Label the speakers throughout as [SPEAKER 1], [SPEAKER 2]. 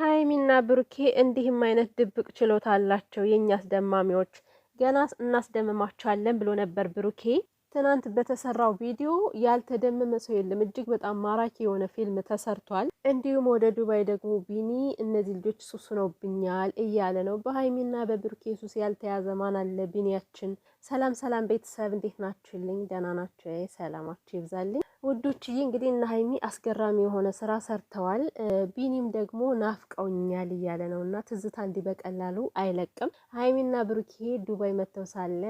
[SPEAKER 1] ሀይሚና ብሩኬ እንዲህም አይነት ድብቅ ችሎታ አላቸው የእኛ አስደማሚዎች ገና እናስደምማቸዋለን ብሎ ነበር ብሩኬ ትናንት በተሰራው ቪዲዮ ያልተደመመ ሰው የለም እጅግ በጣም ማራኪ የሆነ ፊልም ተሰርቷል እንዲሁም ወደ ዱባይ ደግሞ ቢኒ እነዚህ ልጆች ሱስ ነውብኛል እያለ ነው በሀይሚና በብሩኬ ሱስ ያልተያዘ ማን አለ ቢኒያችን ሰላም ሰላም ቤተሰብ እንዴት ናችሁልኝ ደህና ናቸው ሰላማችሁ ይብዛልኝ ውዶችዬ እንግዲህ እና ሀይሚ አስገራሚ የሆነ ስራ ሰርተዋል። ቢኒም ደግሞ ናፍቀውኛል እያለ ነው እና ትዝታ እንዲህ በቀላሉ አይለቅም። ሀይሚና ብሩኬ ዱባይ መጥተው ሳለ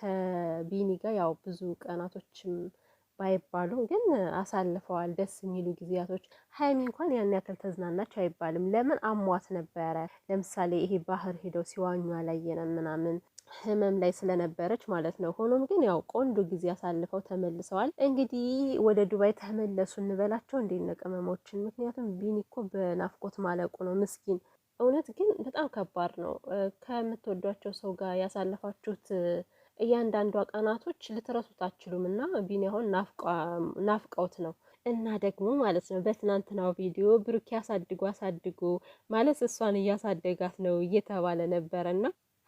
[SPEAKER 1] ከቢኒ ጋር ያው ብዙ ቀናቶችም ባይባሉም ግን አሳልፈዋል ደስ የሚሉ ጊዜያቶች። ሀይሚ እንኳን ያን ያክል ተዝናናች አይባልም። ለምን አሟት ነበረ። ለምሳሌ ይሄ ባህር ሄደው ሲዋኙ አላየንም ምናምን ህመም ላይ ስለነበረች ማለት ነው። ሆኖም ግን ያው ቆንጆ ጊዜ አሳልፈው ተመልሰዋል። እንግዲህ ወደ ዱባይ ተመለሱ እንበላቸው እንዴት ነው ቅመሞችን። ምክንያቱም ቢኒ እኮ በናፍቆት ማለቁ ነው ምስኪን። እውነት ግን በጣም ከባድ ነው። ከምትወዷቸው ሰው ጋር ያሳለፋችሁት እያንዳንዷ ቀናቶች ልትረሱት አትችሉም እና ቢኒ አሁን ናፍቀውት ነው እና ደግሞ ማለት ነው በትናንትናው ቪዲዮ ብሩኬ አሳድጎ አሳድጎ ማለት እሷን እያሳደጋት ነው እየተባለ ነበረ እና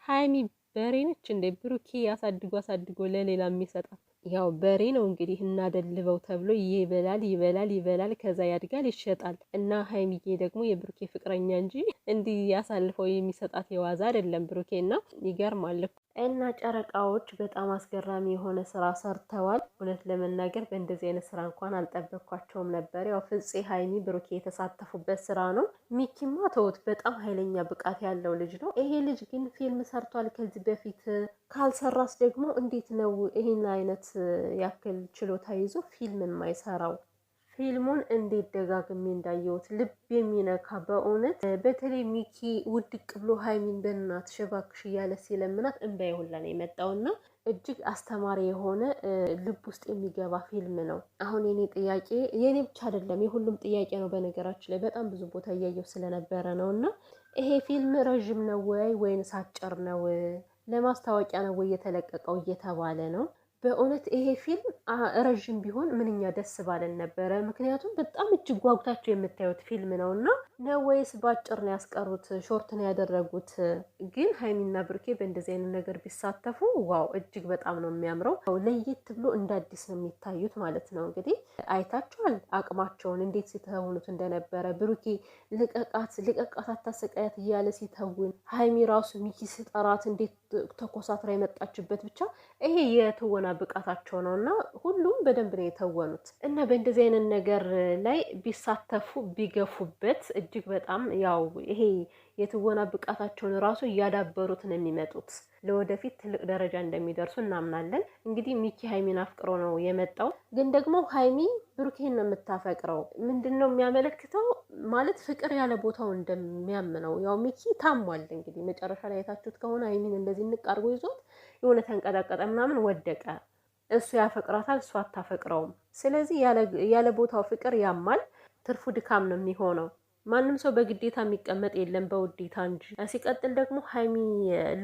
[SPEAKER 1] ሀይሚ በሬ ነች እንዴ? ብሩኬ አሳድጎ አሳድጎ ለሌላ የሚሰጣት ያው በሬ ነው እንግዲህ እናደልበው ተብሎ ይበላል ይበላል ይበላል፣ ከዛ ያድጋል፣ ይሸጣል። እና ሀይሚዬ ደግሞ የብሩኬ ፍቅረኛ እንጂ እንዲህ ያሳልፈው የሚሰጣት የዋዛ አይደለም ብሩኬ እና ይገርማል። እና ጨረቃዎች በጣም አስገራሚ የሆነ ስራ ሰርተዋል። እውነት ለመናገር በእንደዚህ አይነት ስራ እንኳን አልጠበቅኳቸውም ነበር። ያው ፍፄ፣ ሀይሚ፣ ብሩኬ የተሳተፉበት ስራ ነው። ሚኪማ ተውት፣ በጣም ኃይለኛ ብቃት ያለው ልጅ ነው። ይሄ ልጅ ግን ፊልም ሰርቷል ከዚህ በፊት። ካልሰራስ ደግሞ እንዴት ነው ይህን አይነት ያክል ችሎታ ይዞ ፊልም የማይሰራው? ፊልሙን እንዴት ደጋግሜ እንዳየሁት ልብ የሚነካ በእውነት በተለይ ሚኪ ውድቅ ብሎ ሀይሚን በእናትሽ እባክሽ እያለ ሲለምናት እንባ ሁላ ነው የመጣውና እጅግ አስተማሪ የሆነ ልብ ውስጥ የሚገባ ፊልም ነው። አሁን የኔ ጥያቄ የኔ ብቻ አይደለም የሁሉም ጥያቄ ነው። በነገራችን ላይ በጣም ብዙ ቦታ እያየው ስለነበረ ነው እና ይሄ ፊልም ረዥም ነው ወይ ወይንስ አጭር ነው? ለማስታወቂያ ነው ወይ የተለቀቀው እየተባለ ነው። በእውነት ይሄ ፊልም ረዥም ቢሆን ምንኛ ደስ ባለን ነበረ። ምክንያቱም በጣም እጅግ ጓጉታችሁ የምታዩት ፊልም ነው እና ነው ወይስ ባጭር ነው ያስቀሩት? ሾርት ነው ያደረጉት? ግን ሀይሚና ብሩኬ በእንደዚህ አይነት ነገር ቢሳተፉ ዋው፣ እጅግ በጣም ነው የሚያምረው። ለየት ብሎ እንደ አዲስ ነው የሚታዩት ማለት ነው። እንግዲህ አይታችኋል አቅማቸውን እንዴት ሲተውኑት እንደነበረ። ብሩኬ ልቀቃት፣ ልቀቃት፣ አታሰቃያት እያለ ሲተውን፣ ሀይሚ ራሱ ሚኪ ስጠራት እንዴት ተኮሳትራ የመጣችበት ብቻ ይሄ የትወና ብቃታቸው ነው እና ሁሉም በደንብ ነው የተወኑት እና በእንደዚህ አይነት ነገር ላይ ቢሳተፉ ቢገፉበት እጅግ በጣም ያው ይሄ የትወና ብቃታቸውን ራሱ እያዳበሩት ነው የሚመጡት። ለወደፊት ትልቅ ደረጃ እንደሚደርሱ እናምናለን። እንግዲህ ሚኪ ሀይሚን አፍቅሮ ነው የመጣው። ግን ደግሞ ሀይሚ ብሩኬን ነው የምታፈቅረው። ምንድን ነው የሚያመለክተው? ማለት ፍቅር ያለ ቦታው እንደሚያምነው ያው ሚኪ ታሟል። እንግዲህ መጨረሻ ላይ የታችሁት ከሆነ ሀይሚን እንደዚህ ንቅ ይዞት የሆነ ተንቀጠቀጠ ምናምን ወደቀ። እሱ ያፈቅራታል፣ እሱ አታፈቅረውም። ስለዚህ ያለ ቦታው ፍቅር ያማል፣ ትርፉ ድካም ነው የሚሆነው። ማንም ሰው በግዴታ የሚቀመጥ የለም በውዴታ እንጂ። ሲቀጥል ደግሞ ሀይሚ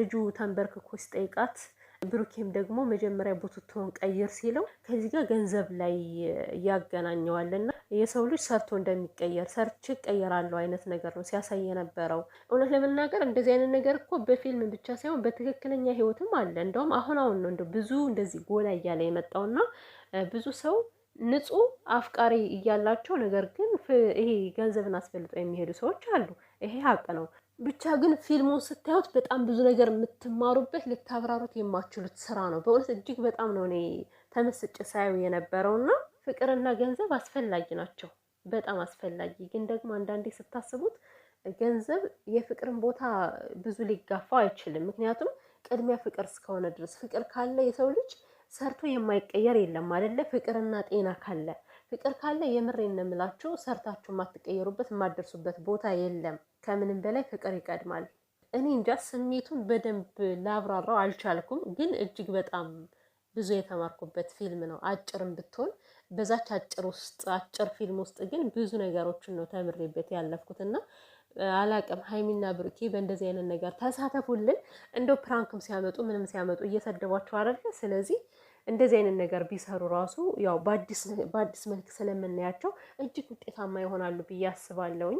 [SPEAKER 1] ልጁ ተንበርክኮ ሲጠይቃት ብሩኬም ደግሞ መጀመሪያ ቦትቶን ቀይር ሲለው ከዚህ ጋር ገንዘብ ላይ ያገናኘዋልና የሰው ልጅ ሰርቶ እንደሚቀየር ሰርች ቀየራለው አይነት ነገር ነው ሲያሳይ የነበረው። እውነት ለመናገር እንደዚህ አይነት ነገር እኮ በፊልም ብቻ ሳይሆን በትክክለኛ ህይወትም አለ። እንደውም አሁን አሁን ነው ብዙ እንደዚህ ጎላ እያለ የመጣውና ብዙ ሰው ንጹህ አፍቃሪ እያላቸው ነገር ግን ይሄ ገንዘብን አስፈልጠው የሚሄዱ ሰዎች አሉ። ይሄ ሀቅ ነው። ብቻ ግን ፊልሙን ስታዩት በጣም ብዙ ነገር የምትማሩበት ልታብራሩት የማችሉት ስራ ነው። በእውነት እጅግ በጣም ነው እኔ ተመስጭ ሳየው የነበረው እና ፍቅርና ገንዘብ አስፈላጊ ናቸው፣ በጣም አስፈላጊ ግን ደግሞ አንዳንዴ ስታስቡት ገንዘብ የፍቅርን ቦታ ብዙ ሊጋፋው አይችልም። ምክንያቱም ቅድሚያ ፍቅር እስከሆነ ድረስ ፍቅር ካለ የሰው ልጅ ሰርቶ የማይቀየር የለም አይደለ? ፍቅርና ጤና ካለ ፍቅር ካለ የምር ነው ሰርታችሁ የማትቀየሩበት የማደርሱበት ቦታ የለም። ከምንም በላይ ፍቅር ይቀድማል። እኔ እንጃ ስሜቱን በደንብ ላብራራው አልቻልኩም፣ ግን እጅግ በጣም ብዙ የተማርኩበት ፊልም ነው አጭርም ብትሆን በዛች አጭር ውስጥ አጭር ፊልም ውስጥ ግን ብዙ ነገሮችን ነው ተምሬበት ያለፍኩትና አላቅም ሀይሚና ብሩኬ በእንደዚህ አይነት ነገር ተሳተፉልን። እንደው ፕራንክም ሲያመጡ ምንም ሲያመጡ እየሰደቧቸው አደለ። ስለዚህ እንደዚህ አይነት ነገር ቢሰሩ ራሱ ያው በአዲስ መልክ ስለምናያቸው እጅግ ውጤታማ ይሆናሉ ብዬ አስባለሁኝ።